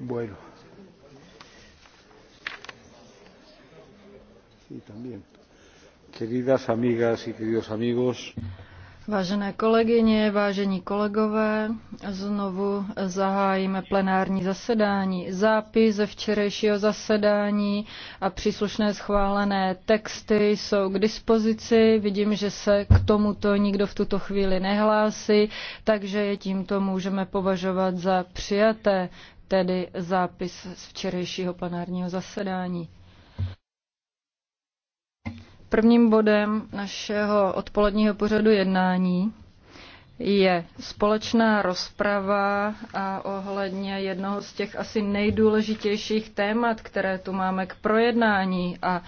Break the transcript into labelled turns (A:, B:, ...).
A: Bueno.
B: Sí, también. Queridas amigas y queridos amigos.
C: Vážené kolegyně, vážení kolegové, znovu zahájíme plenární zasedání. Zápis ze včerejšího zasedání a příslušné schválené texty jsou k dispozici. Vidím, že se k tomuto nikdo v tuto chvíli nehlásí, takže je tímto můžeme považovat za přijaté, tedy zápis z včerejšího plenárního zasedání. Prvním bodem našeho odpoledního pořadu jednání je společná rozprava a ohledně jednoho z těch asi nejdůležitějších témat, které tu máme k projednání a